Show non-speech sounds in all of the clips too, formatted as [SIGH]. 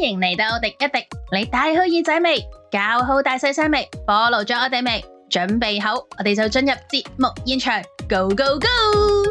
歡迎嚟到《滴一滴》，你帶好耳仔未？搞好大細聲未？暴露咗我哋未？準備好，我哋就進入節目現場，Go Go Go！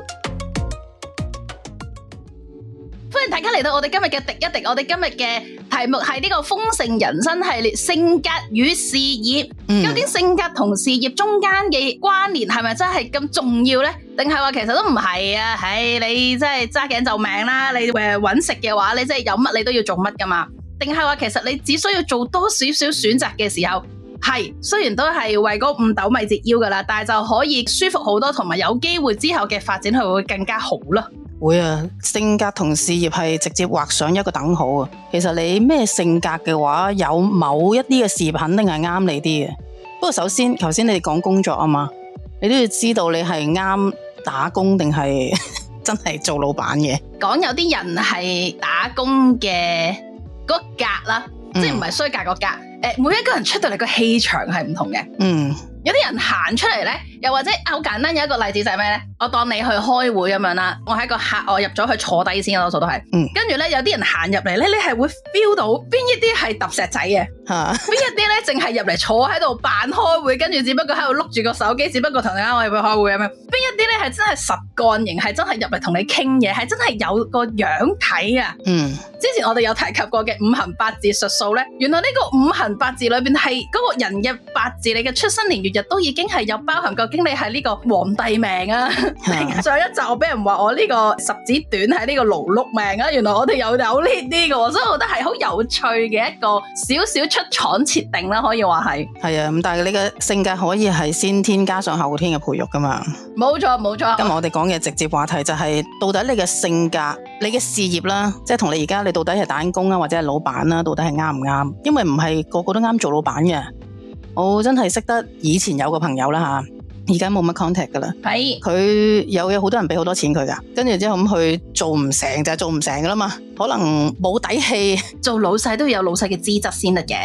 歡迎大家嚟到我哋今日嘅《滴一滴》，我哋今日嘅題目係呢個豐盛人生系列，性格與事業，究竟性格同事業中間嘅關聯係咪真係咁重要呢？定係話，其實都唔係啊？唉，你真係揸頸就命啦！你誒搵食嘅話，你真係有乜你都要做乜噶嘛～定係話，其實你只需要做多少少選擇嘅時候，係雖然都係為個五斗米折腰噶啦，但係就可以舒服好多，同埋有機會之後嘅發展係會更加好咯。會啊，性格同事業係直接畫上一個等號啊。其實你咩性格嘅話，有某一啲嘅事業肯定係啱你啲嘅。不過首先，頭先你哋講工作啊嘛，你都要知道你係啱打工定係 [LAUGHS] 真係做老闆嘅。講有啲人係打工嘅。個格啦，嗯、即係唔係衰格個格，格？誒，每一個人出到嚟個氣場係唔同嘅。嗯。有啲人行出嚟咧，又或者好簡單有一個例子就係咩咧？我當你去開會咁樣啦，我係個客，我入咗去坐低先，多數都係。嗯。跟住咧，有啲人行入嚟咧，你係會 feel 到邊一啲係揼石仔嘅嚇？邊、啊、 [LAUGHS] 一啲咧，淨係入嚟坐喺度扮開會，跟住只不過喺度碌住個手機，只不過同大家。我啱去開會咁樣。邊一啲咧係真係實幹型，係真係入嚟同你傾嘢，係真係有個樣睇啊。嗯。之前我哋有提及過嘅五行八字術數咧，原來呢個五行八字裏邊係嗰個人嘅八字，你嘅出生年月日都已經係有包含個經理，係呢個皇帝命啊！ [LAUGHS] 上一集我俾人話我呢個十指短係呢個勞碌命啊！原來我哋有有呢啲嘅，所以我覺得係好有趣嘅一個少少出廠設定啦、啊，可以話係。係啊，咁但係你嘅性格可以係先天加上後天嘅培育噶嘛？冇錯，冇錯。今日我哋講嘅直接話題就係到底你嘅性格、你嘅事業啦，即係同你而家你到底係打緊工啊，或者係老闆啦、啊，到底係啱唔啱？因為唔係個個都啱做老闆嘅。我真係識得以前有個朋友啦吓，而家冇乜 contact 噶啦。係佢是有有好多人俾好多錢佢噶，跟住之後咁佢做唔成就係做唔成噶啦嘛。可能冇底氣。做老細都有老細嘅資質先得嘅。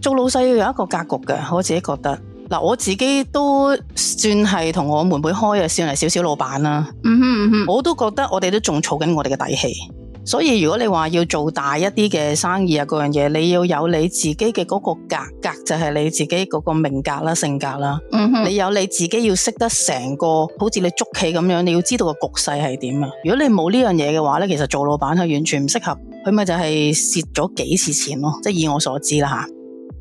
做老細要有一個格局噶，我自己覺得嗱，我自己都算係同我妹妹開啊，算係少少老闆啦。嗯哼，嗯哼，我都覺得我哋都仲儲緊我哋嘅底氣。所以如果你話要做大一啲嘅生意啊，嗰樣嘢，你要有你自己嘅嗰個格格，就係你自己嗰個命格啦、性格啦。嗯、mm，hmm. 你有你自己要識得成個，好似你捉棋咁樣，你要知道個局勢係點啊。如果你冇呢樣嘢嘅話咧，其實做老闆係完全唔適合，佢咪就係蝕咗幾次錢咯。即係以我所知啦吓。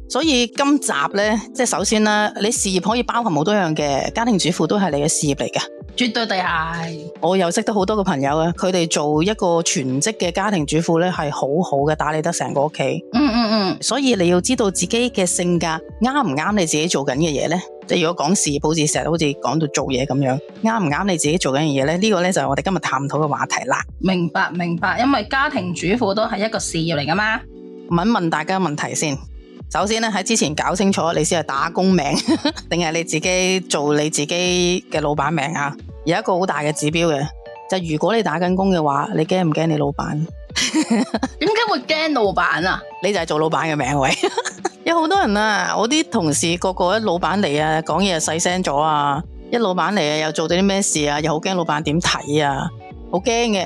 所以今集咧，即係首先咧，你事業可以包含好多樣嘅，家庭主婦都係你嘅事業嚟嘅。絕對係，我又認識得好多個朋友啊，佢哋做一個全職嘅家庭主婦咧，係好好嘅打理得成個屋企，嗯。嗯嗯嗯，所以你要知道自己嘅性格啱唔啱你自己做緊嘅嘢咧。你如果講事業，好似成日好似講到做嘢咁樣，啱唔啱你自己做緊嘅嘢咧？呢、呢個咧就係我哋今日探討嘅話題啦。明白明白，因為家庭主婦都係一個事業嚟㗎嘛。問一問大家問題先。首先咧喺之前搞清楚，你先係打工命，定係你自己做你自己嘅老闆命啊？有一個好大嘅指標嘅，就係、如果你打緊工嘅話，你驚唔驚你老闆？點 [LAUGHS] 解會驚老闆啊？你就係做老闆嘅命喂！ [LAUGHS] 有好多人啊，我啲同事個，個個一老闆嚟啊，講嘢細聲咗啊，一老闆嚟啊又做咗啲咩事啊，又好驚老闆點睇啊，好驚嘅。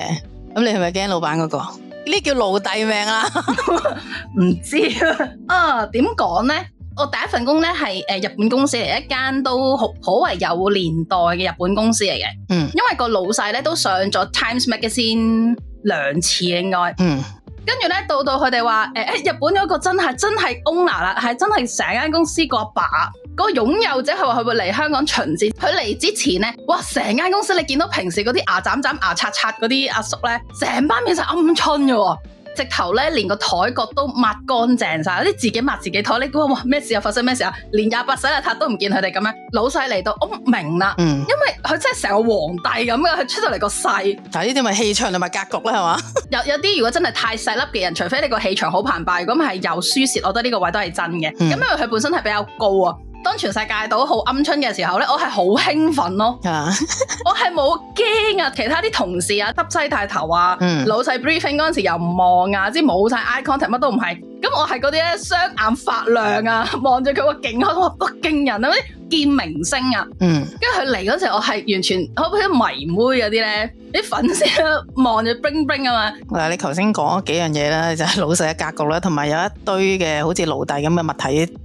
咁你係咪驚老闆嗰、那個？呢叫奴隸命 [LAUGHS] 知道 [LAUGHS] 啊，唔知啊？點講咧？我第一份工咧係誒日本公司嚟，一間都好可為有年代嘅日本公司嚟嘅。嗯，因為個老細咧都上咗 Times Magazine 兩次應該。嗯，跟住咧到到佢哋話誒日本嗰個真係真係 owner 啦，係真係成間公司個阿爸。嗰個擁有者佢話佢會嚟香港巡視，佢嚟之前咧，哇！成間公司你見到平時嗰啲牙斬斬牙擦擦嗰啲阿叔咧，成班面色鵪鶉嘅，直頭咧連個台角都抹乾淨晒，啲自己抹自己台，你估咩事啊？發生咩事啊？連廿八洗邋遢都唔見佢哋咁樣，老細嚟到我明啦，嗯，因為佢真係成個皇帝咁樣，佢出到嚟個勢。但呢啲咪氣場同埋格局咧係嘛？有有啲如果真係太細粒嘅人，除非你個氣場好澎湃，咁係有輸蝕，我覺得呢個位都係真嘅。咁因為佢本身係比較高啊。當全世界都好鵪鶉嘅時候咧，我係好興奮咯， [LAUGHS] 我係冇驚啊！其他啲同事啊，耷西大頭啊，嗯、老細 briefing 嗰陣時又唔望啊，即係冇晒 eye contact 乜都唔係，咁我係嗰啲咧雙眼發亮啊，望住佢個勁口話北京人啊！見明星啊，嗯，跟住佢嚟嗰時，我係完全可唔可以嗰啲迷妹嗰啲咧，啲粉絲望住 bling bling 啊嘛。嗱，你頭先講咗幾樣嘢啦，就係、是、老細嘅格局啦，同埋有一堆嘅好似奴隸咁嘅物體，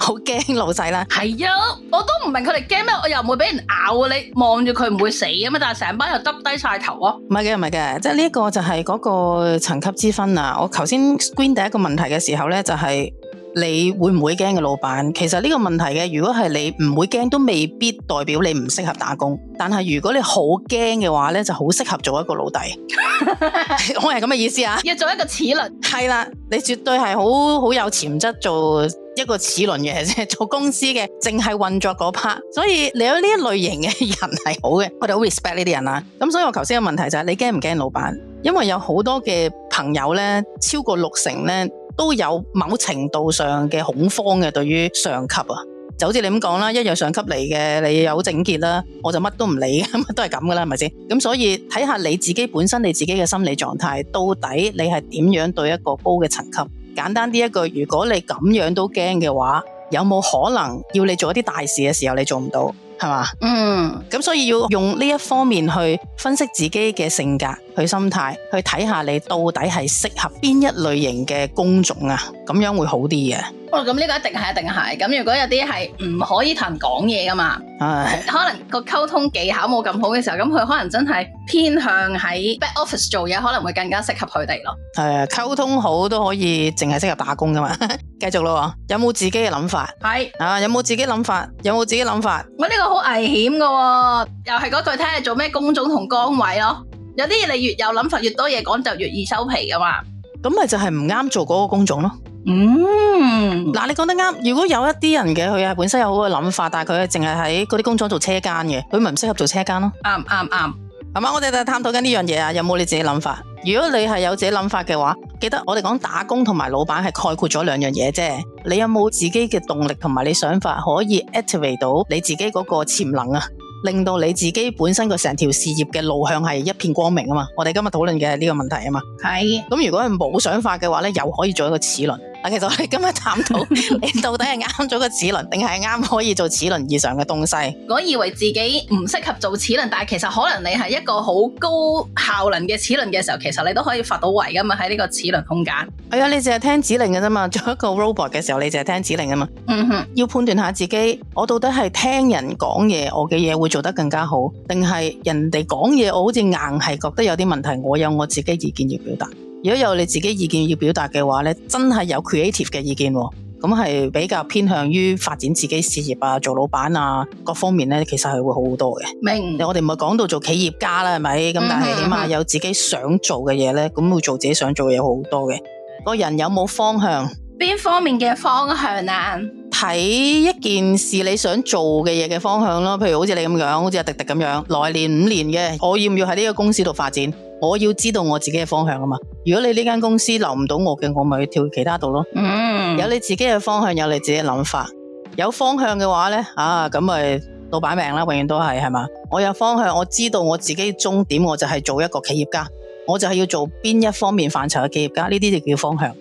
好 [LAUGHS] 驚老細啦。係啊，我都唔明佢哋驚咩，我又唔會俾人咬啊，你望住佢唔會死啊嘛，但係成班又耷低晒頭啊。唔係嘅，唔係嘅，即係呢一個就係嗰個層級之分啊！我頭先 screen 第一個問題嘅時候咧，就係、是。你會唔會驚嘅老闆？其實呢個問題嘅，如果係你唔會驚，都未必代表你唔適合打工。但係如果你好驚嘅話呢，就好適合做一個老弟。 [LAUGHS] [LAUGHS] 我係咁嘅意思啊，要做一個齒輪。係啦， [LAUGHS] 你絕對係好好有潛質做一個齒輪嘅，做公司嘅，淨係運作嗰 part。所以你有呢一類型嘅人係好嘅，我哋好 respect 呢啲人啦、啊。咁所以我頭先嘅問題就係、是、你驚唔驚老闆？因為有好多嘅朋友呢，超過六成呢。都有某程度上嘅恐慌嘅對於上級啊，就好似你咁講啦，一樣上級嚟嘅，你有整潔啦，我就乜都唔理，咁 [LAUGHS] 都係咁噶啦，係咪先？咁所以睇下你自己本身你自己嘅心理狀態，到底你係點樣對一個高嘅層級？簡單啲一句，如果你咁樣都驚嘅話，有冇可能要你做一啲大事嘅時候，你做唔到？係嘛？嗯，咁所以要用呢一方面去分析自己嘅性格，去心態，去睇下你到底係適合邊一類型嘅工種啊，咁樣會好啲嘅。哦，咁呢個一定係，一定係。咁如果有啲係唔可以同人講嘢噶嘛，的可能個溝通技巧冇咁好嘅時候，咁佢可能真係偏向喺 back office 做嘢，可能會更加適合佢哋咯。係啊，溝通好都可以淨係適合打工噶嘛。繼 [LAUGHS] 續咯，有冇自己嘅諗法？係的啊，有冇自己諗法？有冇自己諗法？我呢個好危險噶、哦，又係嗰句，睇下你做咩工種同崗位咯。有啲嘢你越有諗法，越多嘢講就越易收皮噶嘛。咁咪就係唔啱做嗰個工種咯。嗯，嗱、啊，你講得啱。如果有一啲人嘅，佢係本身有好嘅諗法，但係佢淨係喺嗰啲工廠做車間嘅，佢咪唔適合做車間咯？啱啱啱。咁、嗯、啊、嗯嗯，我哋就探討緊呢樣嘢啊。有冇你自己諗法？如果你係有自己諗法嘅話，記得我哋講打工同埋老闆係概括咗兩樣嘢啫。你有冇自己嘅動力同埋你想法可以 activate 到你自己嗰個潛能啊？令到你自己本身個成條事業嘅路向係一片光明啊嘛！我哋今日討論嘅係呢個問題啊嘛。係是。咁如果係冇想法嘅話咧，又可以做一個齒輪。啊，其實我哋今日探討 [LAUGHS] 你到底係啱咗個齒輪，定係啱可以做齒輪以上嘅東西？我以為自己唔適合做齒輪，但係其實可能你係一個好高效能嘅齒輪嘅時候，其實你都可以發到圍噶嘛喺呢個齒輪空間。係啊、哎，你淨係聽指令嘅啫嘛，做一個 robot 嘅時候，你淨係聽指令啊嘛。嗯哼。要判斷下自己，我到底係聽人講嘢，我嘅嘢會。做得更加好，定係人哋講嘢，我好似硬係覺得有啲問題，我有我自己意見要表達。如果有你自己意見要表達嘅話呢，真係有 creative 嘅意見，咁、哦、係比較偏向於發展自己事業啊，做老闆啊，各方面呢，其實係會好好多嘅。明白，我哋唔係講到做企業家啦，係咪？咁但係起碼有自己想做嘅嘢呢，咁、嗯、會做自己想做嘅嘢好多嘅。個人有冇方向？邊方面嘅方向啊？睇一件事你想做嘅嘢嘅方向咯，譬如好似你咁樣，好似阿迪迪咁樣，來年五年嘅，我要唔要喺呢個公司度發展？我要知道我自己嘅方向啊嘛。如果你呢間公司留唔到我嘅，我咪去跳其他度咯。嗯，有你自己嘅方向，有你自己嘅諗法，有方向嘅話呢，啊咁咪老闆命啦，永遠都係係嘛。我有方向，我知道我自己終點，我就係做一個企業家，我就係要做邊一方面範疇嘅企業家，呢啲就叫方向。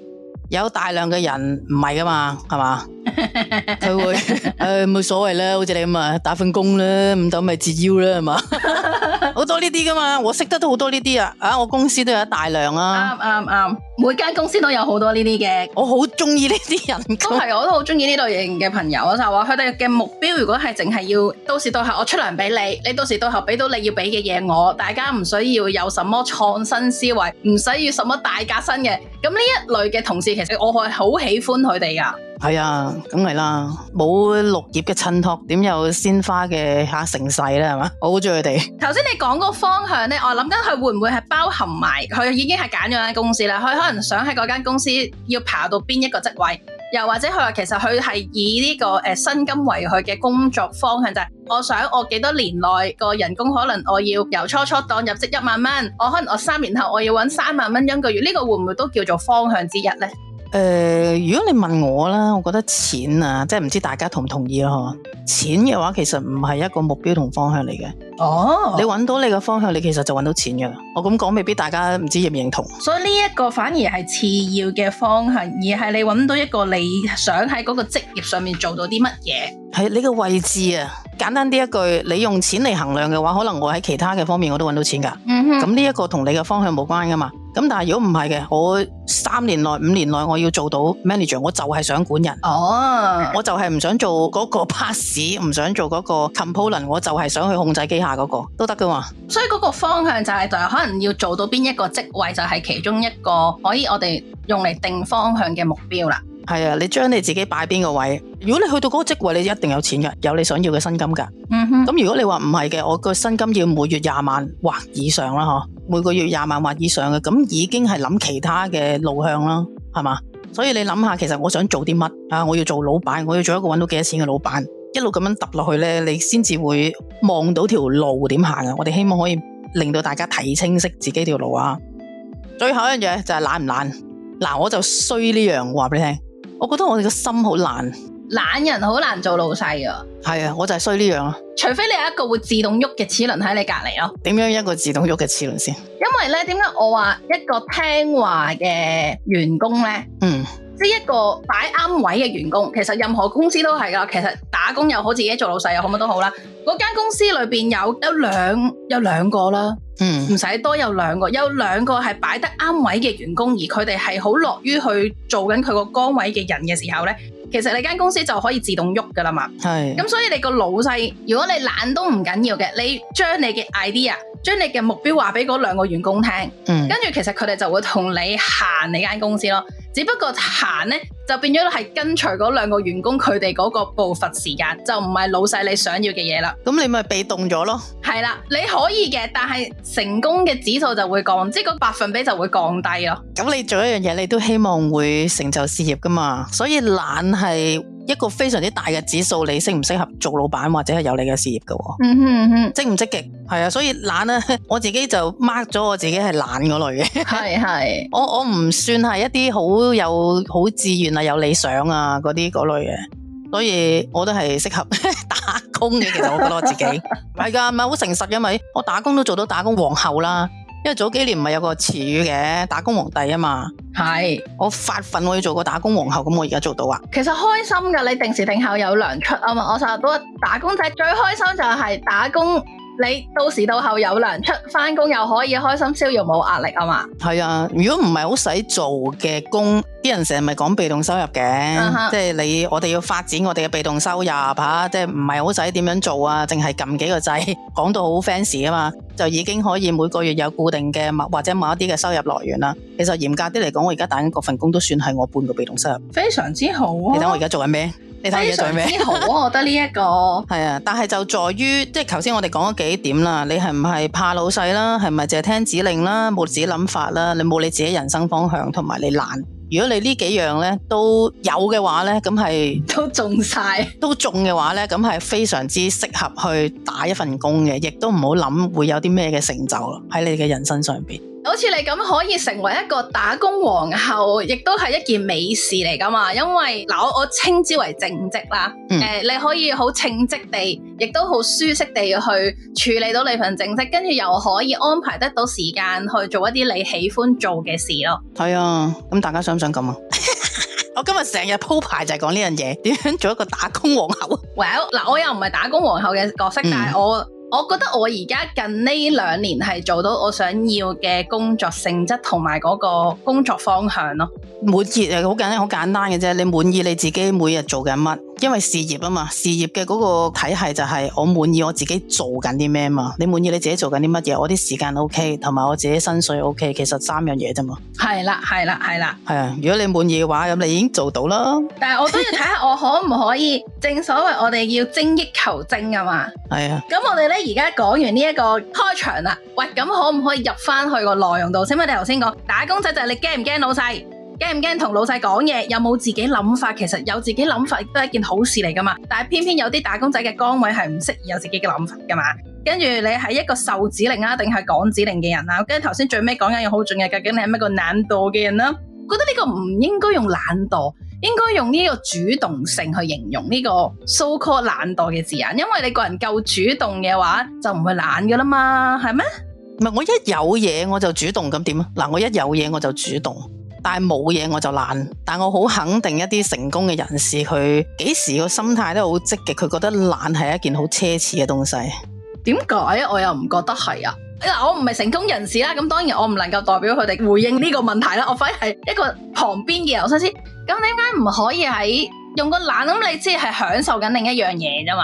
有大量嘅人唔係噶嘛，係嘛？佢會誒冇所謂啦，好似你咁啊，打份工啦，唔等咪折腰啦，係嘛？好多呢啲噶嘛，我識得都好多呢啲啊！啊，我公司都有一大量啊，啱啱啱，每間公司都有好多呢啲嘅。我好中意呢啲人，都係我都好中意呢類型嘅朋友啊！就話佢哋嘅目標，如果係淨係要到時到候我出糧俾你，你到時到候俾到你要俾嘅嘢我，大家唔需要有什麼創新思維，唔使要什麼大革新嘅。咁呢一類嘅同事，其實我係好喜歡佢哋噶。係啊，梗係啦，冇綠葉嘅襯托，點有鮮花嘅嚇盛勢咧？係嘛，我好中意佢哋。頭先你講個方向咧，我諗緊佢會唔會係包含埋佢已經係揀咗間公司啦？佢可能想喺嗰間公司要爬到邊一個職位，又或者佢話其實佢係以呢、呢個誒薪、呃、金為佢嘅工作方向、就係，就係我想我幾多年內個人工可能我要由初初當入職一萬蚊，我可能我三年後我要揾三萬蚊一個月，呢、呢個會唔會都叫做方向之一咧？誒、呃，如果你問我啦，我覺得錢啊，即係唔知大家同唔同意咯嗬？錢嘅話，其實唔係一個目標同方向嚟嘅。哦，oh. 你揾到你嘅方向，你其實就揾到錢噶啦。我咁講，未必大家唔知認唔認同。所以呢一個反而係次要嘅方向，而係你揾到一個你想喺嗰個職業上面做到啲乜嘢。係你嘅位置啊，簡單啲一,一句，你用錢嚟衡量嘅話，可能我喺其他嘅方面我都揾到錢噶。嗯哼。咁呢一個同你嘅方向冇關噶嘛？咁但係如果唔係嘅，我三年內、五年內我要做到 manager，我就係想管人。哦，oh. 我就係唔想做嗰個 pass，唔想做嗰個 component，我就係想去控制機下嗰個都得噶嘛。所以嗰個方向就係就可能要做到邊一個職位，就係其中一個可以我哋用嚟定方向嘅目標啦。係啊，你將你自己擺邊個位？如果你去到嗰個職位，你一定有錢嘅，有你想要嘅薪金噶。咁、嗯、哼如果你話唔係嘅，我個薪金要每月廿萬或以上啦，嗬？每個月廿萬或以上嘅，咁已經係諗其他嘅路向啦，係嘛？所以你諗下，其實我想做啲乜啊？我要做老闆，我要做一個搵到幾多錢嘅老闆，一路咁樣揼落去呢，你先至會望到條路點行啊！我哋希望可以令到大家睇清晰自己條路啊。最後一樣嘢就係懶唔懶？嗱、啊，我就衰呢樣，話俾你聽。我覺得我哋個心好懶，懶人好難做老細啊。係啊，我就係衰呢樣啊。除非你有一個會自動喐嘅齒輪喺你隔籬咯。點樣一個自動喐嘅齒輪先？因為咧，點解我話一個聽話嘅員工咧？嗯。呢一個擺啱位嘅員工，其實任何公司都係噶。其實打工又好，自己做老細又好，乜都好啦。嗰間公司裏邊有兩、有兩、有兩個啦，唔使、嗯、多有兩個，有兩個係擺得啱位嘅員工，而佢哋係好樂於去做緊佢個崗位嘅人嘅時候咧，其實你間公司就可以自動喐噶啦嘛。係，咁所以你個老細，如果你懶都唔緊要嘅，你將你嘅 idea。將你嘅目標話俾嗰兩個員工聽，跟住、嗯、其實佢哋就會同你行你間公司咯。只不過行呢，就變咗係跟隨嗰兩個員工佢哋嗰個步伐時間，就唔係老細你想要嘅嘢啦。咁你咪被動咗咯。係啦，你可以嘅，但係成功嘅指數就會降，即係個百分比就會降低咯。咁你做一樣嘢，你都希望會成就事業噶嘛？所以懶係，一個非常之大嘅指數，你適唔適合做老闆或者係有你嘅事業嘅喎？嗯哼嗯哼，積唔積極係啊，所以懶啊，我自己就 mark 咗我自己係懶嗰類嘅。係係是，我我唔算係一啲好有好志願啊、有理想啊嗰啲嗰類嘅，所以我都係適合打工嘅。其實我覺得我自己係噶，唔係好誠實，因為我打工都做到打工皇后啦。因為早幾年唔係有個詞語嘅打工皇帝啊嘛，係是我發奮，我要做個打工皇后，咁我而家做到啊。其實開心㗎，你定時定候有糧出啊嘛，我成日都打工仔最開心就係打工。你到時到後有糧出，返工又可以開心逍遙，冇壓力啊嘛？係啊，如果唔係好使做嘅工，啲人成日咪講被動收入嘅，uh huh. 即係你我哋要發展我哋嘅被動收入吓、啊，即係唔係好使點樣做啊？淨係撳幾個掣，講 [LAUGHS] 到好 fancy 啊嘛，就已經可以每個月有固定嘅，或者某一啲嘅收入來源啦。其實嚴格啲嚟講，我而家打緊嗰份工都算係我半個被動收入，非常之好、啊。你睇我而家做緊咩？你睇，非常之好 [LAUGHS] 我覺得呢一個係 [LAUGHS] 啊，但係就在於即係頭先我哋講咗幾點啦。你係唔係怕老細啦？係咪淨係聽指令啦？冇自己諗法啦？你冇你自己人生方向同埋你懶？如果你呢幾樣咧都有嘅話咧，咁係都中晒，都中嘅話咧，咁係非常之適合去打一份工嘅，亦都唔好諗會有啲咩嘅成就喺你嘅人生上邊。好似你咁可以成為一個打工皇后，亦都係一件美事嚟噶嘛？因為嗱，我我稱之為正職啦，誒、嗯呃，你可以好稱職地，亦都好舒適地去處理到你份正職，跟住又可以安排得到時間去做一啲你喜歡做嘅事咯。係啊，咁大家想唔想咁啊？ [LAUGHS] 我今日成日鋪排就係講呢樣嘢，點樣做一個打工皇后？Well，嗱，我又唔係打工皇后嘅角色，嗯、但係我。我覺得我而家近呢兩年係做到我想要嘅工作性質同埋嗰個工作方向咯。滿意啊，好簡單，好簡單嘅啫。你滿意你自己每日做緊乜？因為事業啊嘛，事業嘅嗰個體系就係我滿意我自己做緊啲咩嘛，你滿意你自己做緊啲乜嘢，我啲時間 O K，同埋我自己薪水 OK，其實三樣嘢啫嘛。係啦，係啦，係啦。係啊，如果你滿意嘅話，咁你已經做到啦。 [LAUGHS] 但係我都要睇下我可唔可以，正所謂我哋要精益求精啊嘛。係啊。咁我哋咧而家講完呢一個開場啦，喂，咁可唔可以入翻去個內容度？請問你頭先講打工仔仔，你驚唔驚老細？驚唔驚？同老細講嘢有冇自己諗法？其實有自己諗法亦都係一件好事嚟噶嘛。但係偏偏有啲打工仔嘅崗位係唔適宜有自己嘅諗法噶嘛。跟住你係一個受指令啊，定係講指令嘅人啊？跟住頭先最尾講緊嘢好重要，究竟你係咩個懶惰嘅人啦、啊？覺得呢個唔應該用懶惰，應該用呢個主動性去形容呢個 so called 懶惰嘅字眼，因為你個人夠主動嘅話，就唔會懶噶啦嘛，係咩？唔係我一有嘢我就主動咁點啊？嗱，我一有嘢我就主動。但係冇嘢，我就懶，但我好肯定一啲成功嘅人士，佢幾時個心態都好積極，佢覺得懶係一件好奢侈嘅東西。點解我又唔覺得係啊？嗱，我唔係成功人士啦，咁當然我唔能夠代表佢哋回應呢個問題啦。我反而係一個旁邊嘅劉生先。咁點解唔可以喺用個懶咁？你知係享受緊另一樣嘢啫嘛？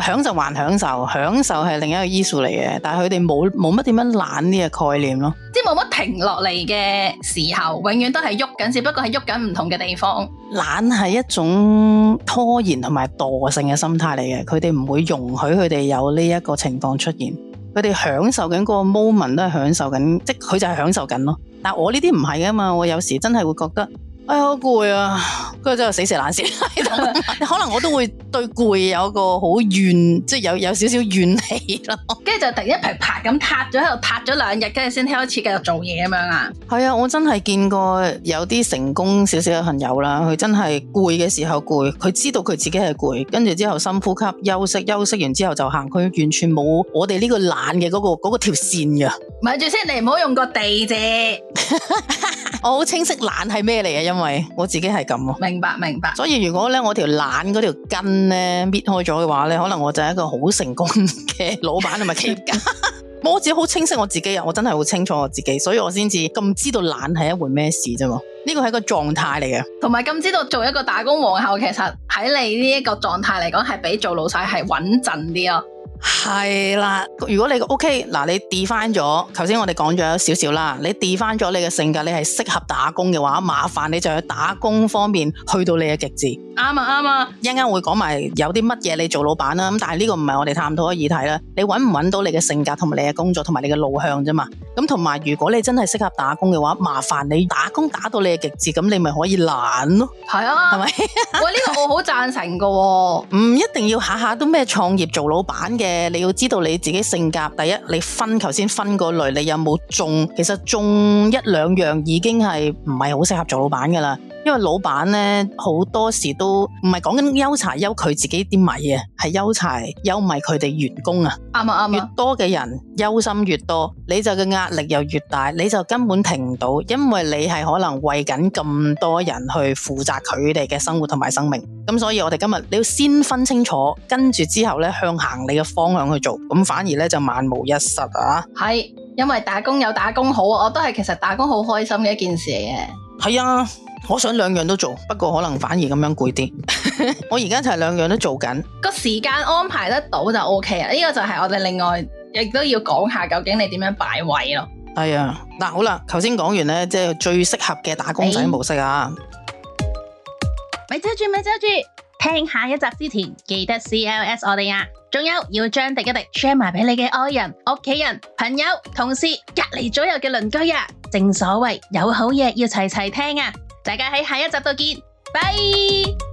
享受還享受，享受係另一個因素嚟嘅，但係佢哋冇冇乜點樣懶呢個概念咯，即係冇乜停落嚟嘅時候，永遠都係喐緊，只不過係喐緊唔同嘅地方。懶係一種拖延同埋惰性嘅心態嚟嘅，佢哋唔會容許佢哋有呢一個情況出現。佢哋享受緊嗰個 moment 都係享受緊，即佢就係享受緊咯。但係我呢啲唔係啊嘛，我有時真係會覺得。哎，好攰啊！跟住之後真係死蛇爛蛇，可能我都會對攰有個好怨， [LAUGHS] 即係有有少少怨氣咯。跟住就突然一排拍咁塌咗喺度，塌咗兩日，跟住先開始繼續做嘢咁樣啊。係啊，我真係見過有啲成功少少嘅朋友啦，佢真係攰嘅時候攰，佢知道佢自己係攰，跟住之後深呼吸休息，休息完之後就行，佢完全冇我哋呢個懶嘅嗰個嗰個條線噶。咪住先，你唔好用個地字。 [LAUGHS] 我好清晰懶係咩嚟嘅，因為我自己係咁啊，明白明白。所以如果咧我條懶嗰條筋咧搣開咗嘅話咧，可能我就係一個好成功嘅老闆同埋企業家。 [LAUGHS] [LAUGHS] [LAUGHS] 我自己好清晰我自己啊，我真係好清楚我自己，所以我先至咁知道懶係一回咩事啫嘛。呢個係一個狀態嚟嘅，同埋咁知道做一個打工皇后，其實喺你呢一個狀態嚟講，係比做老細係穩陣啲咯。係啦，如果你個 O K 嗱，你 define 咗，頭先我哋講咗少少啦，你 define 咗你嘅性格，你係適合打工嘅話，麻煩你就去打工方面去到你嘅極致。啱啊，啱啊，一陣間會講埋有啲乜嘢你做老闆啦，咁但係呢個唔係我哋探討嘅議題啦，你搵唔搵到你嘅性格同埋你嘅工作同埋你嘅路向啫嘛，咁同埋如果你真係適合打工嘅話，麻煩你打工打到你嘅極致，咁你咪可以懶咯。係啊，係咪吧？喂，呢、這個我好贊成噶、哦，唔 [LAUGHS] 一定要下下都咩創業做老闆嘅。你要知道你自己性格，第一你分頭先分個類，你有冇中？其實中一兩樣已經係唔係好適合做老闆嘅啦。因為老闆咧，好多時都唔係講緊憂柴憂佢自己啲米啊，係憂柴憂米佢哋員工啊，啱啊啱，越多嘅人憂心越多，你就嘅壓力又越大，你就根本停唔到，因為你係可能為緊咁多人去負責佢哋嘅生活同埋生命。咁所以我哋今日你要先分清楚，跟住之後咧，向行你嘅方向去做，咁反而咧就萬無一失啊！係因為打工有打工好啊，我都係其實打工好開心嘅一件事嚟嘅。係啊。我想兩樣都做，不過可能反而咁樣攰啲。 [LAUGHS] 我而家就係兩樣都做緊，個時間安排得到就 O K 喇。呢、這個就係我哋另外亦都要講一下，究竟你點樣擺位咯？係啊、哎，嗱好啦，頭先講完呢，即係最適合嘅打工仔模式啊。咪遮住咪遮住，聽下一集之前記得 C L S 我哋啊。仲有要將廸一廸 share 埋俾你嘅愛人、屋企人、朋友、同事、隔籬左右嘅鄰居啊。正所謂有好嘢要齊齊聽啊！大家喺下一集度見，拜。